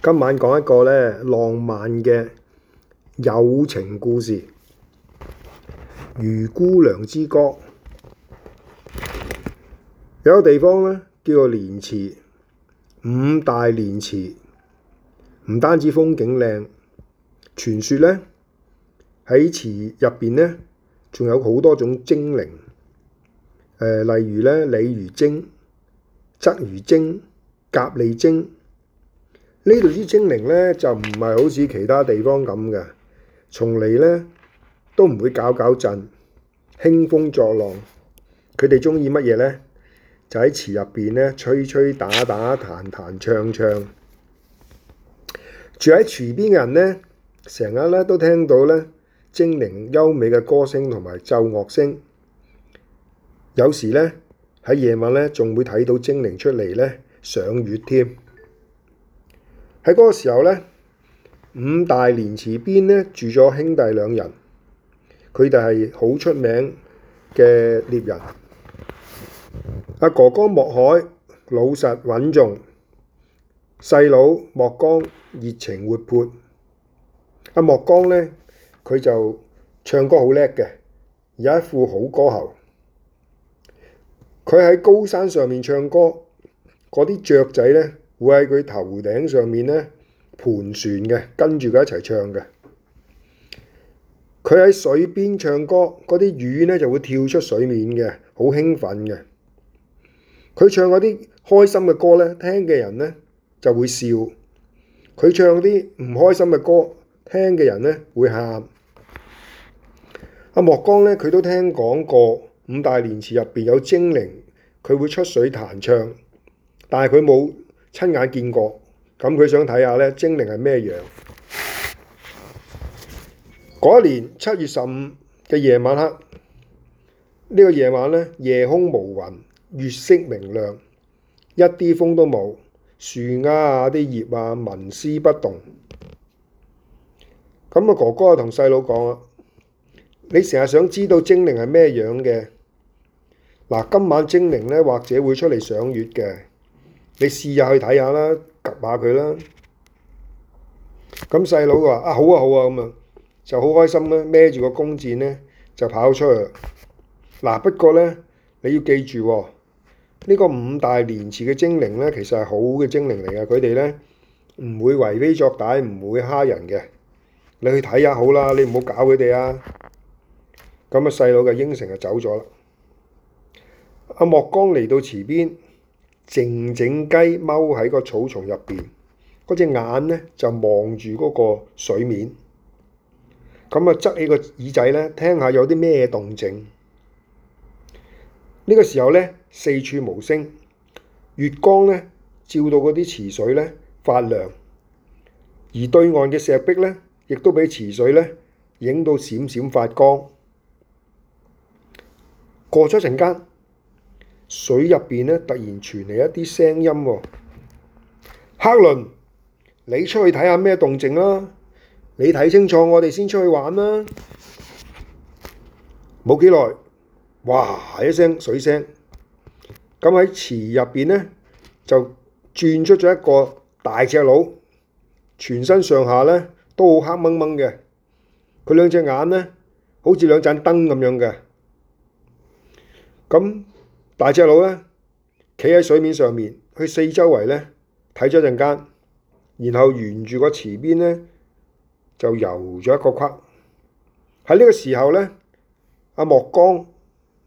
今晚講一個咧浪漫嘅友情故事，《魚姑娘之歌》。有個地方咧叫做連池，五大連池唔單止風景靚，傳說咧喺池入邊咧仲有好多種精靈，誒、呃、例如咧鯉魚精、鯽魚精、蛤蜊精。呢度啲精靈咧就唔係好似其他地方咁嘅，從嚟咧都唔會搞搞震，興風作浪。佢哋中意乜嘢咧？就喺池入邊咧吹吹打打、彈彈唱唱。住喺池邊嘅人咧，成日咧都聽到咧精靈優美嘅歌聲同埋奏樂聲。有時咧喺夜晚咧，仲會睇到精靈出嚟咧賞月添。喺嗰個時候咧，五大連池邊咧住咗兄弟兩人，佢哋係好出名嘅獵人。阿哥哥莫海，老實穩重，細佬莫光熱情活潑。阿、啊、莫光咧，佢就唱歌好叻嘅，有一副好歌喉。佢喺高山上面唱歌，嗰啲雀仔咧～會喺佢頭頂上面咧盤旋嘅，跟住佢一齊唱嘅。佢喺水邊唱歌，嗰啲魚咧就會跳出水面嘅，好興奮嘅。佢唱嗰啲開心嘅歌咧，聽嘅人咧就會笑；佢唱嗰啲唔開心嘅歌，聽嘅人咧會喊。阿、啊、莫光咧，佢都聽講過五大連池入邊有精靈，佢會出水彈唱，但係佢冇親眼見過，咁佢想睇下咧精靈係咩樣。嗰年七月十五嘅夜晚黑，呢個夜晚咧夜空無雲，月色明亮，一啲風都冇，樹丫啊啲葉啊紋絲不動。咁啊哥哥啊同細佬講啊，你成日想知道精靈係咩樣嘅？嗱今晚精靈咧或者會出嚟賞月嘅。你試下去睇下啦，及下佢啦。咁細佬話：啊好啊好啊咁啊，就好開心啦。孭住個弓箭咧，就跑出去。嗱、啊、不過咧，你要記住喎、哦，呢、呢個五大連池嘅精靈咧，其實係好嘅精靈嚟嘅，佢哋咧唔會為非作歹，唔會蝦人嘅。你去睇下好啦，你唔好搞佢哋啊。咁啊細佬嘅應承就走咗啦。阿、啊、莫光嚟到池邊。靜靜雞踎喺個草叢入邊，嗰隻眼呢就望住嗰個水面，咁啊側起個耳仔呢，聽下有啲咩動靜。呢個時候呢，四處無聲，月光呢照到嗰啲池水呢發亮，而對岸嘅石壁呢亦都俾池水呢影到閃閃發光。過咗陣間。水入邊呢，突然傳嚟一啲聲音喎、哦。克倫，你出去睇下咩動靜啦。你睇清楚，我哋先出去玩啦。冇幾耐，哇一聲水聲。咁喺池入邊呢，就轉出咗一個大隻佬，全身上下呢都好黑濛濛嘅。佢兩隻眼呢，好似兩盞燈咁樣嘅。咁大隻佬咧，企喺水面上面，去四周圍咧睇咗一陣間，然後沿住個池邊咧就遊咗一個圈。喺呢個時候咧，阿、啊、莫光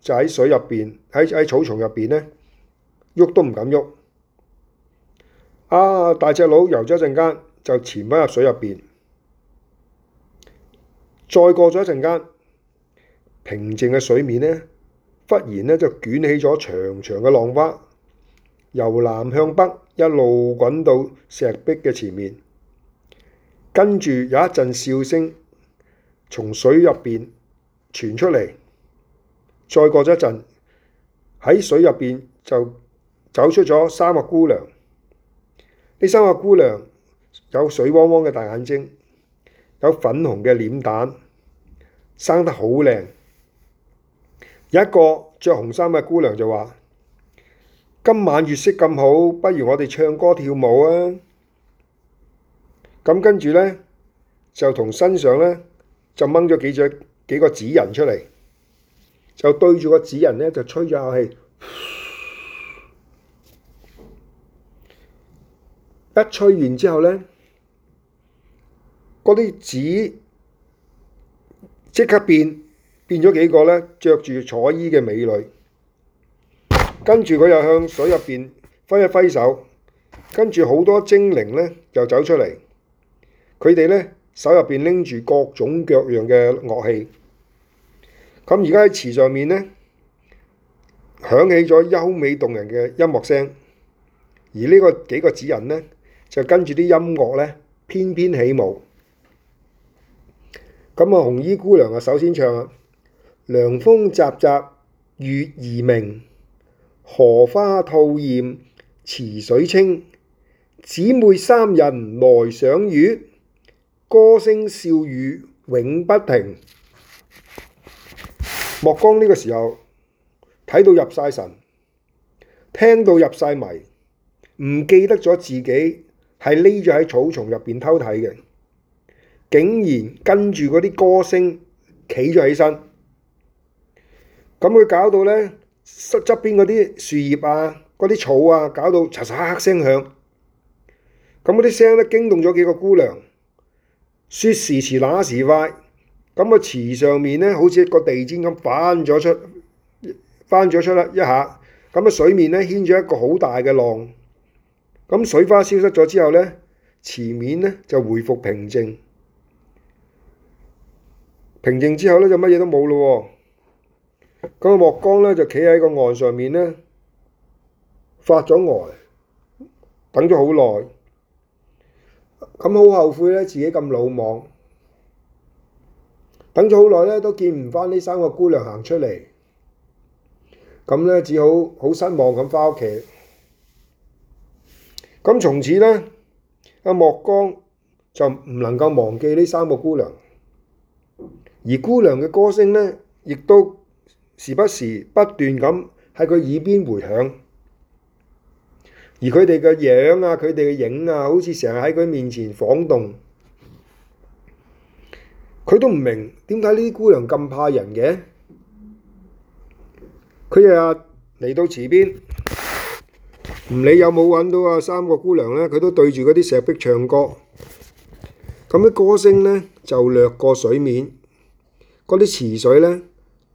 就喺水入面，喺喺草叢入面咧喐都唔敢喐、啊。大隻佬游咗一陣間，就潛返入水入邊。再過咗一陣間，平靜嘅水面咧。忽然咧，就捲起咗長長嘅浪花，由南向北一路滾到石壁嘅前面。跟住有一陣笑聲從水入邊傳出嚟。再過咗一陣，喺水入邊就走出咗三個姑娘。呢三個姑娘有水汪汪嘅大眼睛，有粉紅嘅臉蛋，生得好靚。有一個著紅衫嘅姑娘就話：今晚月色咁好，不如我哋唱歌跳舞啊！咁跟住呢，就同身上呢，就掹咗幾張幾個紙人出嚟，就對住個紙人呢，就吹咗一口氣，一吹完之後呢，嗰啲紙即刻變。變咗幾個咧，著住彩衣嘅美女，跟住佢又向水入邊揮一揮手，跟住好多精靈咧就走出嚟，佢哋咧手入邊拎住各種各樣嘅樂器，咁而家喺池上面咧響起咗優美動人嘅音樂聲，而呢個幾個指引咧就跟住啲音樂咧翩翩起舞，咁啊紅衣姑娘啊首先唱啊！涼風習習，月兒明，荷花吐豔，池水清。姊妹三人來賞月，歌聲笑語永不停。莫光呢個時候睇到入晒神，聽到入晒迷，唔記得咗自己係匿咗喺草叢入邊偷睇嘅，竟然跟住嗰啲歌聲企咗起身。咁佢搞到咧，側側邊嗰啲樹葉啊，嗰啲草啊，搞到嚓嚓咔咔聲響。咁嗰啲聲咧驚動咗幾個姑娘，説時遲那時快，咁、那個池上面咧好似一個地氈咁翻咗出，翻咗出啦一下，咁、那、啊、個、水面咧掀咗一個好大嘅浪。咁水花消失咗之後咧，池面咧就回復平靜。平靜之後咧就乜嘢都冇咯喎。咁阿莫光咧就企喺個岸上面咧，發咗呆，等咗好耐，咁好後悔咧，自己咁魯莽，等咗好耐咧都見唔翻呢三個姑娘行出嚟，咁咧只好好失望咁翻屋企。咁從此咧阿莫光就唔能夠忘記呢三個姑娘，而姑娘嘅歌聲咧亦都。時不時不斷咁喺佢耳邊迴響，而佢哋嘅樣啊、佢哋嘅影啊，好似成日喺佢面前晃動。佢都唔明點解呢啲姑娘咁怕人嘅。佢日日嚟到池邊，唔理有冇揾到啊三個姑娘呢，佢都對住嗰啲石壁唱歌。咁啲歌聲呢，就掠過水面，嗰啲池水呢。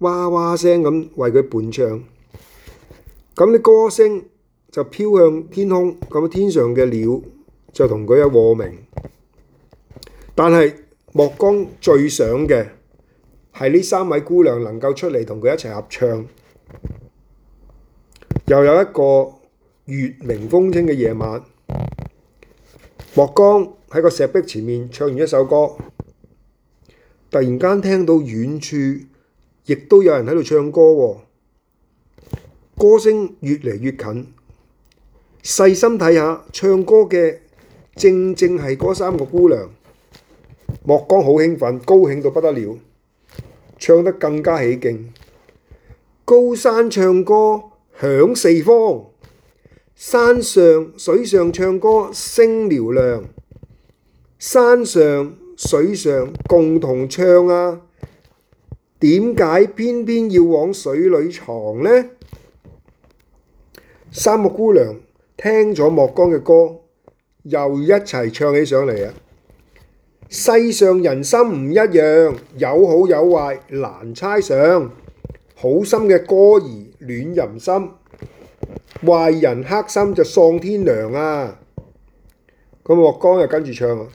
哇哇聲咁為佢伴唱，咁啲歌聲就飄向天空，咁天上嘅鳥就同佢一和鳴。但係莫光最想嘅係呢三位姑娘能夠出嚟同佢一齊合唱。又有一個月明風清嘅夜晚，莫光喺個石壁前面唱完一首歌，突然間聽到遠處。亦都有人喺度唱歌喎、哦，歌聲越嚟越近。細心睇下，唱歌嘅正正係嗰三個姑娘。莫光好興奮，高興到不得了，唱得更加起勁。高山唱歌響四方，山上水上唱歌聲嘹亮，山上水上共同唱啊！點解偏偏要往水裏藏呢？三個姑娘聽咗莫光嘅歌，又一齊唱起上嚟啊！世上人心唔一樣，有好有壞難猜想。好心嘅歌兒暖人心，壞人黑心就喪天良啊！咁莫光又跟住唱啊！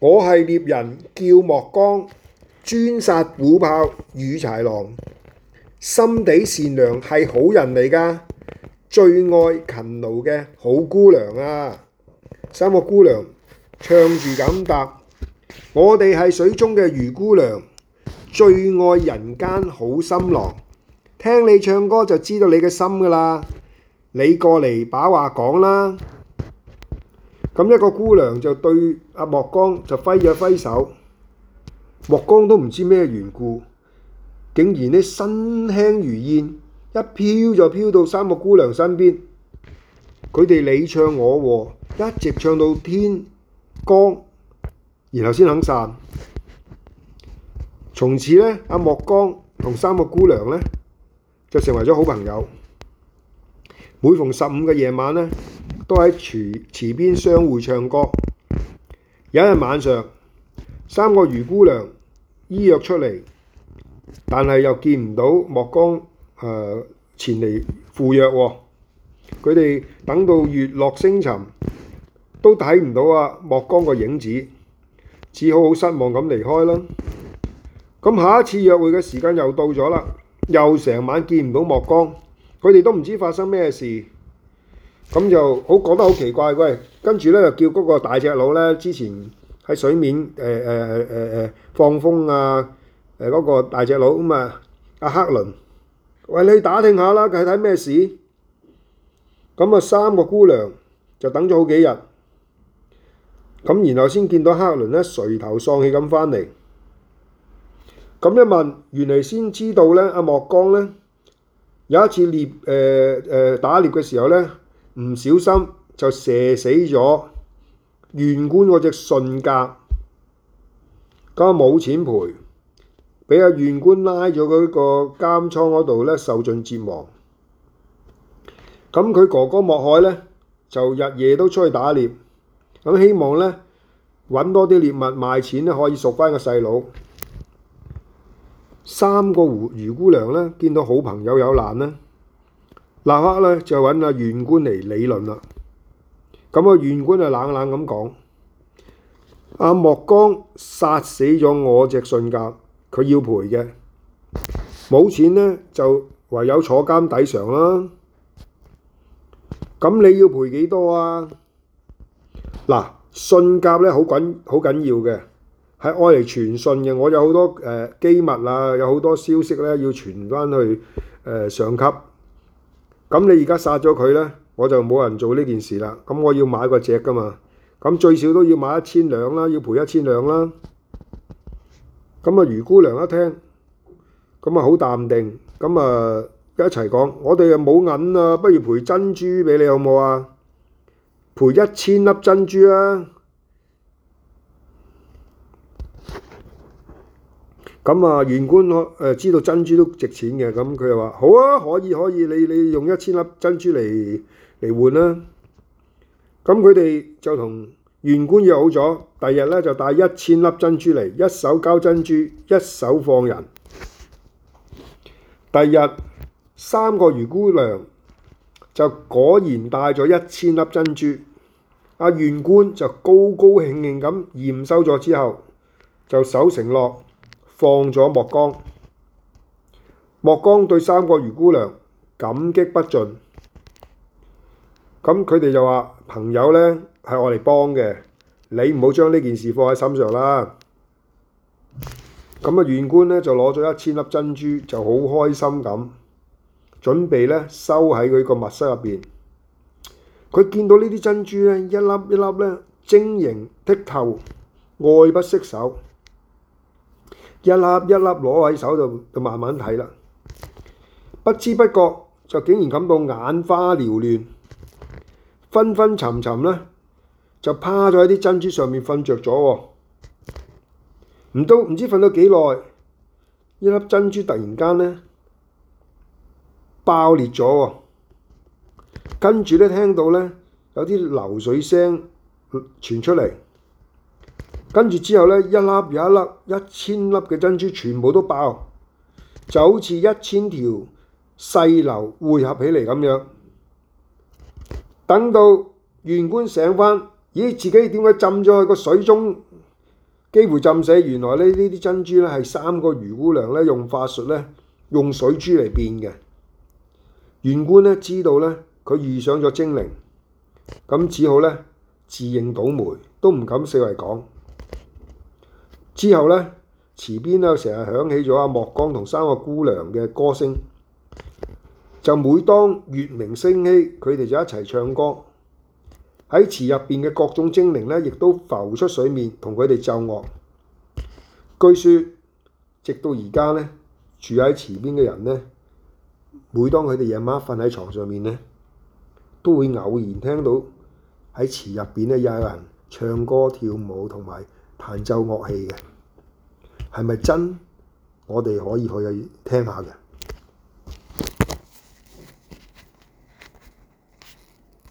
我係獵人，叫莫光。專殺虎豹與豺狼，心地善良係好人嚟㗎，最愛勤勞嘅好姑娘啊！三個姑娘唱住咁答：我哋係水中嘅魚姑娘，最愛人間好心郎。聽你唱歌就知道你嘅心㗎啦，你過嚟把話講啦。咁一個姑娘就對阿莫光就揮咗揮手。莫光都唔知咩緣故，竟然呢身輕如燕，一飄就飄到三個姑娘身邊。佢哋你唱我和、哦，一直唱到天光，然後先肯散。從此呢，阿莫光同三個姑娘呢，就成為咗好朋友。每逢十五嘅夜晚呢，都喺池池邊相會唱歌。有一日晚上，三個魚姑娘醫藥出嚟，但係又見唔到莫光，呃，前嚟赴約喎，哦。佢哋等到月落星沉，都睇唔到啊莫光個影子，只好好失望咁離開啦。咁下一次約會嘅時間又到咗啦，又成晚見唔到莫光，佢哋都唔知發生咩事。咁就好講得好奇怪，喂，跟住咧就叫嗰個大隻佬咧之前。喺水面，誒誒誒誒誒放風啊！誒嗰個大隻佬咁啊，阿黑倫，喂，你去打聽下啦，睇睇咩事？咁啊，三個姑娘就等咗好幾日，咁然後先見到黑倫咧，垂頭喪氣咁翻嚟。咁一問，原來先知道咧，阿莫光咧有一次獵誒誒打獵嘅時候咧，唔小心就射死咗。縣官嗰隻信鴿，咁冇錢賠，俾阿縣官拉咗佢個監倉嗰度咧，受盡折磨。咁佢哥哥莫海咧，就日夜都出去打獵，咁希望咧揾多啲獵物賣錢咧，可以贖翻個細佬。三個狐魚姑娘咧，見到好朋友有難咧，立刻咧就揾阿縣官嚟理論啦。咁啊，縣官就冷冷咁講，阿、啊、莫光殺死咗我隻信鴿，佢要賠嘅，冇錢咧就唯有坐監抵償啦。咁你要賠幾多啊？嗱，信鴿咧好緊好緊要嘅，係愛嚟傳信嘅。我有好多誒、呃、機密啊，有好多消息咧要傳翻去誒、呃、上級。咁你而家殺咗佢咧？我就冇人做呢件事啦。咁我要買個隻噶嘛，咁最少都要買一千兩啦，要賠一千兩啦。咁啊，魚姑娘一聽，咁啊好淡定，咁啊一齊講，我哋又冇銀啊，不如賠珍珠俾你好冇啊？賠一千粒珍珠啊！咁啊，玄官誒、呃、知道珍珠都值錢嘅，咁佢又話好啊，可以可以，你你用一千粒珍珠嚟嚟換啦！咁佢哋就同縣官約好咗，第二日咧就帶一千粒珍珠嚟，一手交珍珠，一手放人。第二日，三個魚姑娘就果然帶咗一千粒珍珠。阿縣官就高高興興咁驗收咗之後，就守承諾放咗莫光。莫光對三個魚姑娘感激不盡。咁佢哋就話：朋友呢係我哋幫嘅，你唔好將呢件事放喺心上啦。咁啊，縣官呢就攞咗一千粒珍珠，就好開心咁，準備呢收喺佢個密室入邊。佢見到呢啲珍珠呢，一粒一粒呢晶瑩剔透，愛不釋手。一粒一粒攞喺手度，就慢慢睇啦。不知不覺就竟然感到眼花繚亂。昏昏沉沉咧，就趴咗喺啲珍珠上面瞓着咗喎。唔知瞓咗幾耐，一粒珍珠突然間咧爆裂咗喎。跟住咧聽到咧有啲流水聲傳出嚟，跟住之後咧一粒又一粒，一千粒嘅珍珠全部都爆，就好似一千條細流匯合起嚟咁樣。等到縣官醒返，咦，自己點解浸咗去個水中，幾乎浸死？原來呢呢啲珍珠咧係三個魚姑娘咧用法術咧用水珠嚟變嘅。縣官咧知道咧佢遇上咗精靈，咁只好咧自認倒霉，都唔敢四圍講。之後咧池邊咧成日響起咗阿莫剛同三個姑娘嘅歌聲。就每當月明星稀，佢哋就一齊唱歌。喺池入邊嘅各種精靈咧，亦都浮出水面，同佢哋奏樂。據說，直到而家咧，住喺池邊嘅人咧，每當佢哋夜晚瞓喺床上面咧，都會偶然聽到喺池入邊咧有人唱歌、跳舞同埋彈奏樂器嘅。係咪真？我哋可以去聽下嘅。